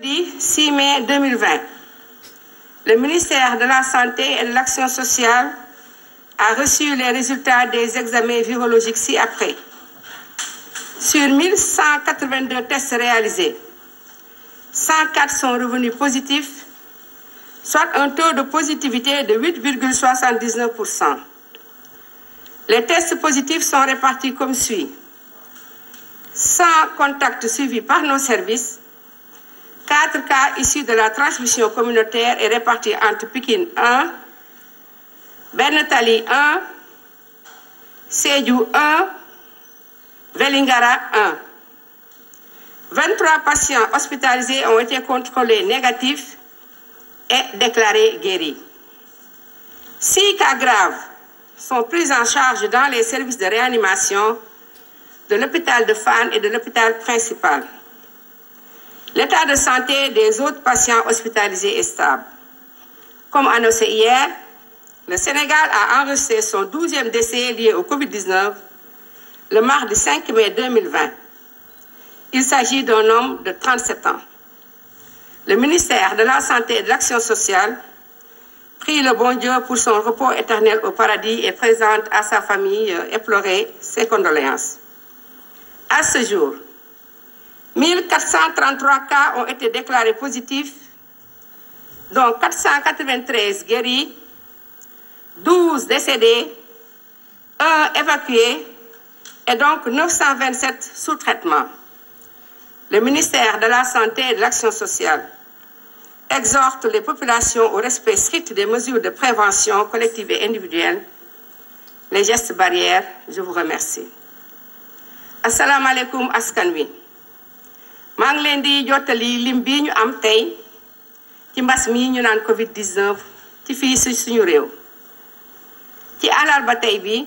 di 6 mai 2020, le ministère de la Santé et de sociale a reçu les résultats des examens virologiques ci-après. Sur 1182 tests réalisés, 104 sont revenus positifs, soit un taux de positivité de 8,79%. Les tests positifs sont répartis comme suit. 100 contacts suivis par nos services. Quatre cas issus de la transmission communautaire et répartis entre Pikine 1, Benetali 1, Sédhiou 1, Vélingara 1. 23 patients hospitalisés ont été contrôlés négatifs et déclarés guéris. Six cas graves sont pris en charge dans les services de réanimation de l'hôpital de Fan et de l'hôpital principal. L'état de santé des autres patients hospitalisés est Comme annoncé hier, le Sénégal a enregistré son 12e décès lié au Covid-19 le mardi 5 mai 2020. Il s'agit d'un de 37 ans. Le ministère de la Santé et de sociale prie le bon pour son repos éternel au paradis et présente à sa famille euh, éplorée ses condoléances. À 1433 cas ont été déclarés positifs, dont 493 guéris, 12 décédés, 1 évacué et donc 927 sous traitement. Le ministère de la Santé et de l'Action sociale les populations au respect des mesures de prévention collective et individuelle, les gestes barrières. Je vous remercie. askan wi maa ngi leen di jottali lim bii ñu am tey ci mbas mii ñu naan Covid 19 ci fii si suñu réew ci alal ba tey bii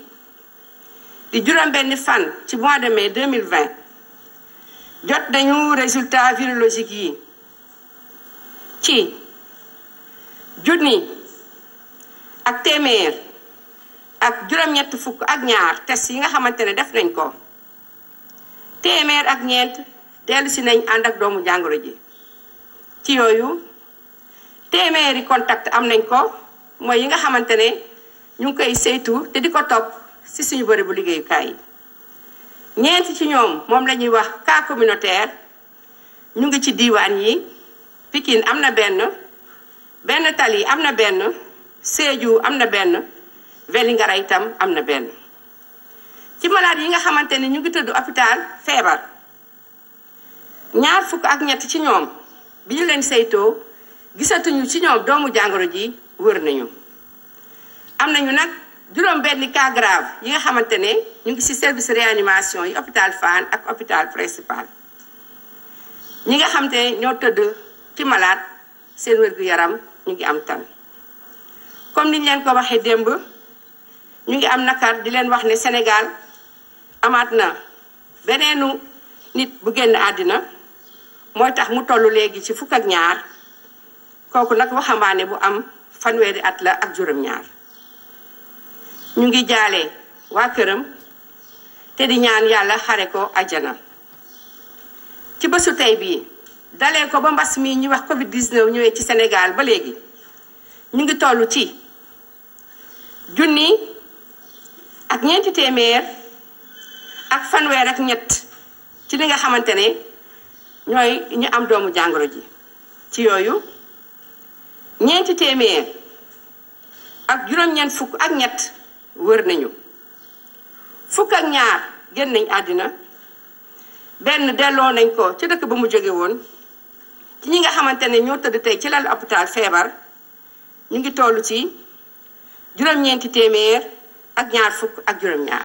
di juróom-benni fan ci mois de mai 2020 jot nañu résultat virologique yi ci junni ak téeméer ak juróom-ñett fukk ak ñaar test yi nga xamante ne def nañ ko téeméer ak ñeent. dellu si nañ ànd ak doomu jàngoro ji ci yooyu téeméeri contact am nañ ko mooy yi nga xamante ne ñu ngi koy saytu te di ko topp si suñu bëri bu liggéeyukaay yi ñeenti ci ñoom moom la ñuy wax cas communautaire ñu ngi ci diiwaan yi pikin am na benn benn Tali am na benn Sédhiou am na benn Vélingara itam am na benn ci malaat yi nga xamante ne ñu ngi tëdd hôpital feebar ñaar fukk ak ñett ci ñoom bi ñu leen saytoo gisatuñu ci ñoom doomu jàngoro ji wër nañu am nañu nag juróom benn cas grave yi nga xamante ne ñu ngi ci service réanimation yi hôpital Fann ak hôpital principal ñi nga xam ne ñoo tëdd ci malade seen wér-gu-yaram ñu ngi am tan comme niñ leen ko waxee démb ñu ngi am nakar di leen wax ne Sénégal amaat na beneenu nit bu génn àddina mooy tax mu toll léegi ci fukk ak ñaar kooku nag waxambaane bu am fanweeri at la ak juróom-ñaar ñu ngi jaalee waa këram te di ñaan yàlla xare ko ajana ci bësu tey bii dalee ko ba mbas mi ñuy wax Covid 19 ñëwee ci Sénégal ba léegi ñu ngi tollu ci junni ak ñeenti téeméer ak fanweer ak ñett ci li nga xamante ne. ñooy ñu am doomu jàngoro ji ci yooyu ñeenti téeméer ak juróom-ñeent fukk ak ñett wër nañu fukk ak ñaar génn nañ àddina benn delloo nañ ko ci dëkk ba mu jóge woon ci ñi nga xamante ne ñoo tëdd tey ci lal hôpital feebar ñu ngi toll ci juróom-ñeenti téeméer ak ñaar fukk ak juróom-ñaar